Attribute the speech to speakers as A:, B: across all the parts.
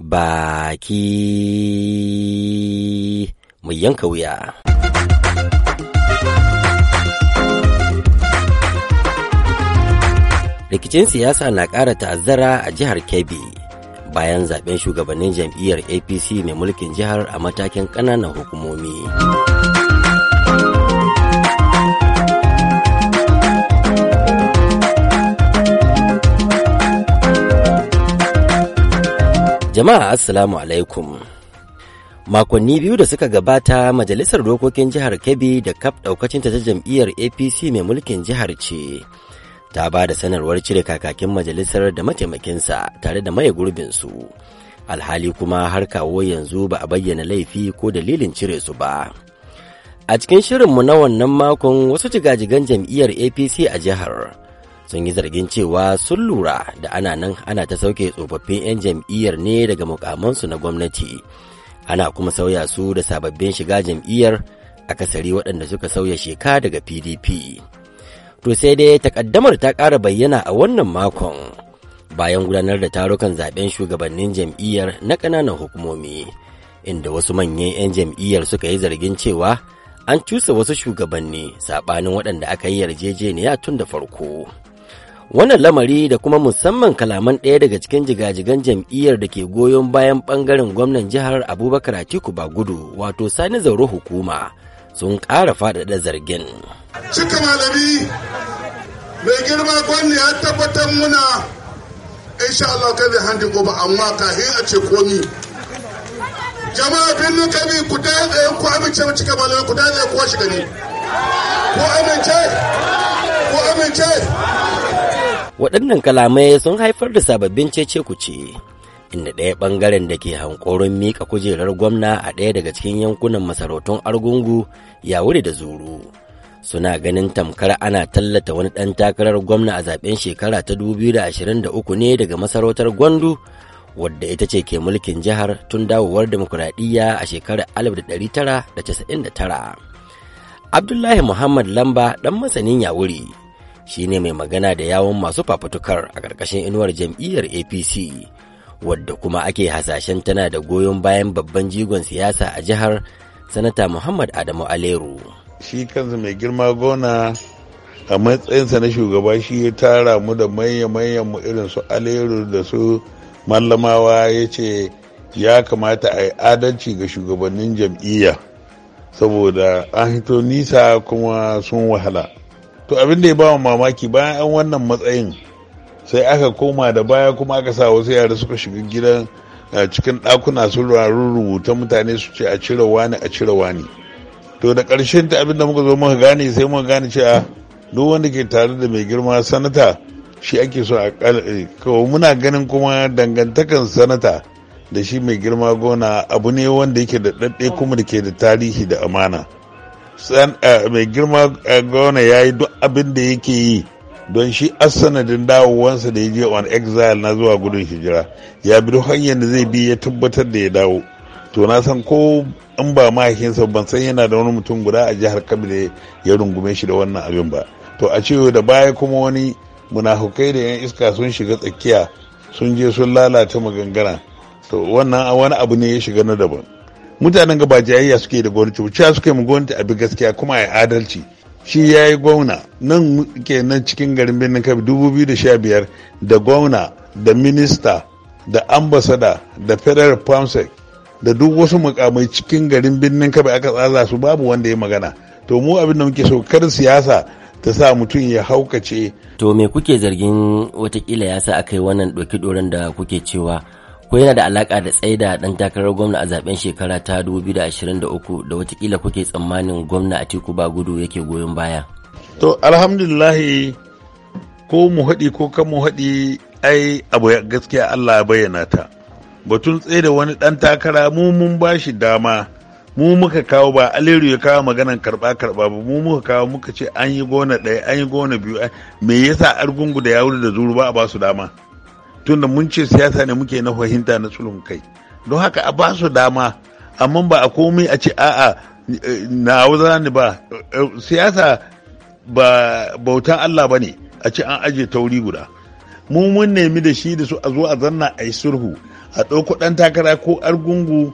A: baki mu yanka wuya. Rikicin siyasa na ƙara ta'azzara a jihar Kebbi bayan zaben shugabannin jam'iyyar APC mai mulkin jihar a matakin ƙananan hukumomi. Jama'a Assalamu alaikum. Makonni biyu da suka gabata Majalisar Dokokin Jihar Kebbi da kaf ɗaukacinta ta jam'iyyar APC mai mulkin jihar ce. Ta ba da sanarwar cire kakakin majalisar da mataimakinsa tare da maye gurbinsu. Alhali kuma har kawo yanzu ba a bayyana laifi ko dalilin cire su ba. A cikin shirinmu na wannan makon wasu jigajigan jam'iyyar APC a jihar. sun yi zargin cewa sun lura da ana nan ana ta sauke tsofaffin 'yan jam'iyyar ne daga mukamansu na gwamnati ana kuma sauya su da sababbin shiga jam'iyyar akasari waɗanda suka sauya sheka daga pdp to sai dai takaddamar ta ƙara bayyana a wannan makon bayan gudanar da tarukan zaben shugabannin jam'iyyar na ƙananan hukumomi inda wasu manyan 'yan jam'iyyar suka yi zargin cewa an cusa wasu shugabanni saɓanin waɗanda aka yi yarjejeniya tun da farko. Wannan lamari da kuma musamman kalaman ɗaya daga cikin jigajigan jam'iyyar da ke goyon bayan ɓangaren gwamnan jihar Abubakar Atiku Bagudu wato Sani Zauro hukuma sun ƙara faɗaɗa zargin.
B: Cika malami mai girma gwamna ya tabbatar muna insha Allah kai handi gobe amma ka a ce komi. Jama'a birnin kabi ku da tsaye ku amince mu cika malami ku da tsaye ku shi gani. Ku amince? Ku amince?
A: waɗannan kalamai sun haifar da sababbin cece kuce inda ɗaya ɓangaren da ke hankorin mika kujerar gwamna a ɗaya daga cikin yankunan masarautun argungu ya wuri da zuru suna ganin tamkar ana tallata wani ɗan takarar gwamna a zaben shekara ta 2023 ne daga masarautar gwandu wadda ita ce ke mulkin jihar tun dawowar demokuraɗiyya a shekarar 1999 abdullahi muhammad lamba ɗan masanin yawuri Shi ne mai magana da yawon masu fafutukar a ƙarƙashin inuwar jam'iyyar apc wadda kuma ake hasashen tana da goyon bayan babban jigon siyasa a jihar sanata muhammad adamu aleru shi kansa mai girma gona a matsayinsa na shugaba shi ya
C: tara mu da manya-manyan mu irin su aleru da su mallamawa ya ce ya kamata a yi adalci ga shugabannin jam'iyya saboda an hito nisa kuma sun wahala to abin da ya ba mamaki bayan an wannan matsayin sai aka koma da baya kuma aka sa wasu yara suka shiga gidan cikin ɗakuna sun rubuta mutane su ce a cire wani a cire wani to da ƙarshen ta abin da muka zo muka gane sai muka gane cewa duk wanda ke tare da mai girma sanata shi ake so a kawai eh, muna ganin kuma dangantakan sanata da shi mai girma gona abu ne wanda yake da ɗaɗɗe kuma da ke da tarihi da amana san eh, mai girma eh, gona ya yi duk abin da yake yi don shi asanadin dawowansa da ya je on exile na zuwa gudun hijira ya bi duk hanyar da zai bi ya tabbatar da ya dawo to na san ko in ba mahaifinsa ban san yana da wani mutum guda a jihar kabila ya rungume shi da wannan abin ba to a cewa da baya kuma wani munafukai da yan iska sun shiga tsakiya sun je sun lalata magangana to wannan wani abu ne ya shiga na daban mutanen ga jayayya suke da gwamnati cewa suke mu gwamnati a bi gaskiya kuma a adalci shi ya yi gwamna nan ke nan cikin garin birnin kabi 2015 da gwamna da minista da ambasada da federal pamsec da duk wasu mukamai cikin garin birnin kabi aka tsara su babu wanda ya magana to mu abin da muke so kar siyasa ta sa mutum ya haukace
A: to me kuke zargin watakila ya sa aka yi wannan ɗauki doron da kuke cewa ko yana da alaka da tsaida dan takarar gwamna a zaben shekara ta 2023 da watakila kuke tsammanin gwamna a ba gudu yake goyon baya. To alhamdulillahi ko
C: mu haɗi ko kan mu haɗi ai abu gaskiya Allah ya bayyana ta. Batun tsaida wani ɗan takara mu mun ba shi dama mu muka kawo ba aliru ya kawo maganan karba karba ba mu muka kawo muka ce an yi gona ɗaya an yi gona biyu me yasa argungu da yawuri da zuru ba a ba su dama. tunda mun ce siyasa ne muke na fahimta na tsulun kai don haka a ba su dama amma ba a komai a ce a'a na za ni ba siyasa ba bautan Allah ba ne a ce an ajiye tauri guda mu mun nemi da shi da su a zo a zanna a yi sulhu a ɗauko ɗan takara ko argungu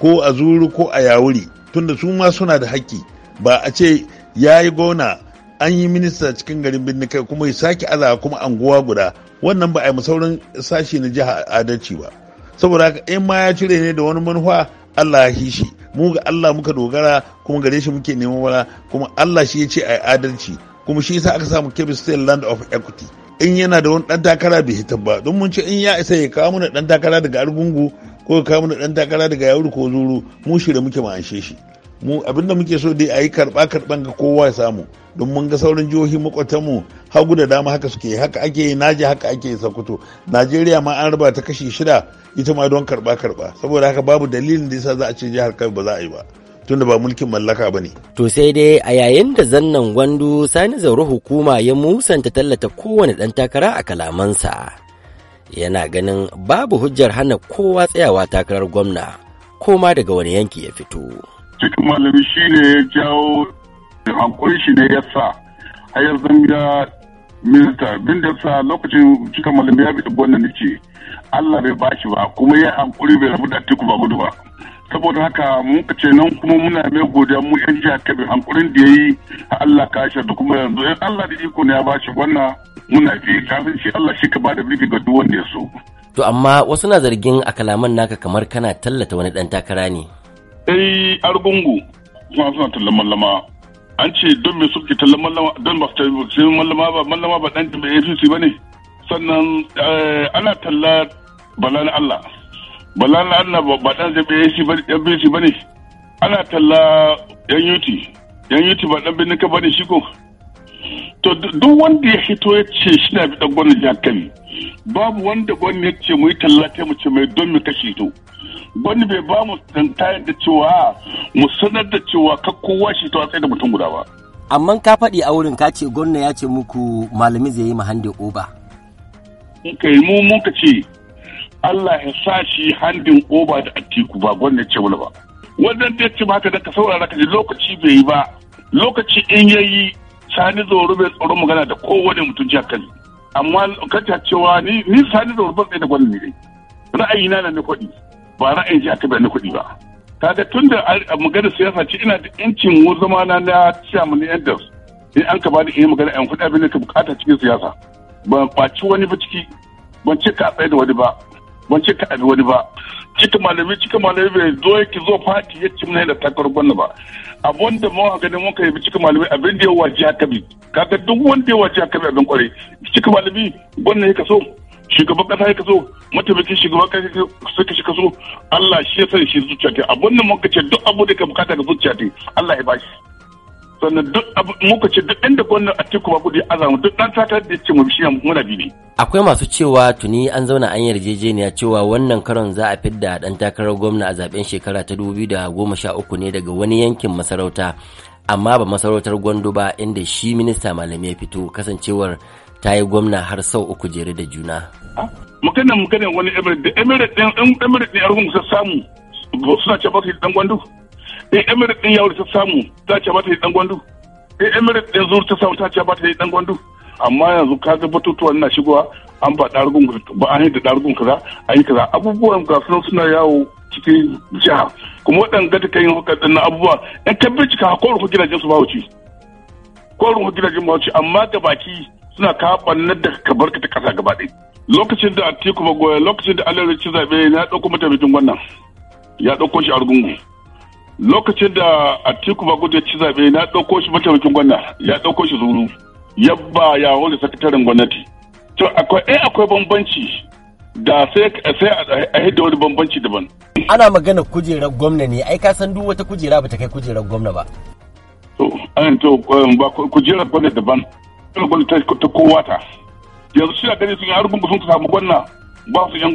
C: ko a zuru ko a yawuri tunda su ma suna da haƙƙi ba a ce ya yi gona an yi minista cikin garin birnin kai kuma ya sake aza kuma anguwa guda wannan ba a yi sauran sashi na jiha adalci ba saboda haka in ma ya cire ne da wani manufa Allah ya hi shi mu ga Allah muka dogara kuma gare shi muke neman wala kuma Allah shi ya ce a yi adalci kuma shi yasa aka samu Kebbi State Land of Equity in yana da wani dan takara bai hitar ba don mun ce in ya isa ya kawo mana dan takara daga Argungu ko ya kawo mana dan takara daga Yauri ko Zuru mu da muke ma'anshe shi mu abinda muke so dai a yi karɓa karɓan ga kowa ya samu don mun ga sauran jihohi makwatanmu hagu da dama haka suke haka ake yi naji haka ake yi sakuto najeriya ma an raba ta kashi shida ita ma don karɓa karɓa saboda haka babu dalilin da yasa za a ce jihar kai ba za a yi ba tunda ba mulkin mallaka ba ne.
A: To sai dai a yayin da zannan gwandu sani zauro hukuma ya musanta tallata kowane ɗan takara a kalamansa. Yana ganin babu hujjar hana kowa tsayawa takarar gwamna, koma daga wani yanki ya fito.
B: cikin malami shi ne ya jawo hankulin shi ne ya sa a ya zanga minista bin da sa lokacin cikin malami ya gwanda wannan ce Allah bai bashi ba kuma ya hankuri bai rabu da tiku ba gudu ba saboda haka mun ce nan kuma muna mai godiya mu yan jiha bi hankulin da ya yayi Allah ka shi da kuma yanzu in Allah da iko ne ya bashi wannan muna fi kafin shi Allah shi ka ba da bibi ga duk wanda ya so
A: to amma wasu na zargin a kalaman naka kamar kana tallata wani dan takara ne
B: dai argungu kuma suna tallan mallama an ce don me suke tallan mallama don ba su mallama ba mallama ba dan jami'a APC ba ne sannan eh, ana talla bala na Allah bala na Allah ba dan jami'a APC ba ne ana talla yan yuti yan yuti ba dan binnika ba ne shi ko to duk wanda ya hito ya ce shi na bi gwamnan jakali babu wanda gwamnan ya ce mu yi tallata mu ce mai don mu kashe to gwamnan bai ba mu tantayar da cewa mu sanar da cewa ka kowa shi
A: to a tsaye da mutum guda ba. amma ka faɗi a wurin ka ce gwamna ya ce muku malami zai yi mahande oba. kai mu mun ka ce Allah ya sa shi
B: handin oba da atiku ba gwamna ya ce wani ba. wannan da ya ce haka da ka saurara ka ji lokaci bai yi ba lokaci in yayi sani zoro bai tsoro magana da kowane mutum jiya kano amma kanta cewa ni sani zoro ban tsaye da gwamnati ne ra'ayi na ni kuɗi ba ra'ayin jihar kano ni kuɗi ba kaga tun da magana siyasa ce ina da yancin mu zama na na chairman na yadda. Ni an ka bada iya magana yan kuɗi abin da ka bukata cikin siyasa ban ci wani ba ciki ban ce ka tsaye da wani ba ban ce ta abi wani ba cika malami cika malami bai zo yake zo fati ya ci da takar gwamna ba abun da mawa ganin mun kai cika malami abin da ya waje haka bi kaga duk wanda ya waje haka bi abin kwarai cika malami gwamna ya kaso shugaban kasa ya kaso mataimakin shugaban kasa suka shi kaso Allah shi ya sani shi zuciya ta abun da mun kace duk abu da ka bukata ga zuciya ta Allah ya bashi sannan duk muka ce duk inda gwamnan Atiku Bagudu ya azamu duk dan tata da ce mu bishiya muna bi ne
A: akwai masu cewa tuni an zauna an yarjejeniya cewa wannan karon za a fidda dan takarar gwamna a zaben shekara ta 2013 ne daga wani yankin masarauta amma ba masarautar gwando ba inda shi minista malami ya fito kasancewar ta yi gwamna har sau uku jere da juna.
B: Mukanan mukanan wani emirate da emirate ɗin emirate ɗin samu suna ce ba su yi ɗan gwando. eh emirate din yawar ta samu ta ce mata dan gwandu eh emirate din zuwa ta samu ta ce mata dan gwandu amma yanzu ka ga batutuwan na shigowa an ba darugun ba an da darugun kaza an yi kaza abubuwan ga suna yawo cikin jiha kuma waɗanda ta kai hukar na abubuwa in ka bincika ko ku gidajen su bauchi ko ku gidajen wuce amma ga baki suna k'a ɓannar da ka barka ta ƙasa gaba ɗaya lokacin da atiku goya lokacin da alayyar ci zaɓe ya ɗauko mataimakin wannan ya ɗauko shi argungu lokacin da atiku bagudu ya ci zaɓe na ɗauko shi mataimakin gwamna ya ɗauko shi zuru yabba ya wani sakataren gwamnati to akwai eh akwai bambanci da sai a hidda wani bambanci daban
A: ana magana kujerar gwamna ne ai ka san duk wata kujera ba ta kai kujerar gwamna ba
B: to an to um, ba kujerar gwamna daban kujerar gwamna ta kowa ta yanzu shi a gani sun yi argun sun samu gwamna ba su yan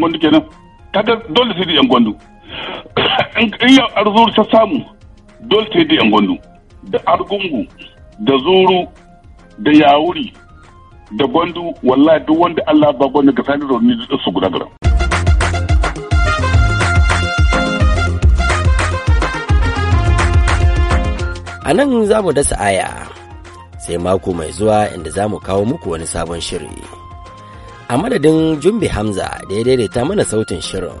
B: gwamna kenan kaga dole sai da yan gwamna in yau arzuru ta samu dole ta yi da yan da argungu da zuru da yawuri da gwandu wallahi duk wanda Allah ba gwandu ga sani rauni su guda gara.
A: A nan za mu dasa aya sai mako mai zuwa inda za mu kawo muku wani sabon shiri. A madadin Jumbi Hamza da ya daidaita mana sautin shirin.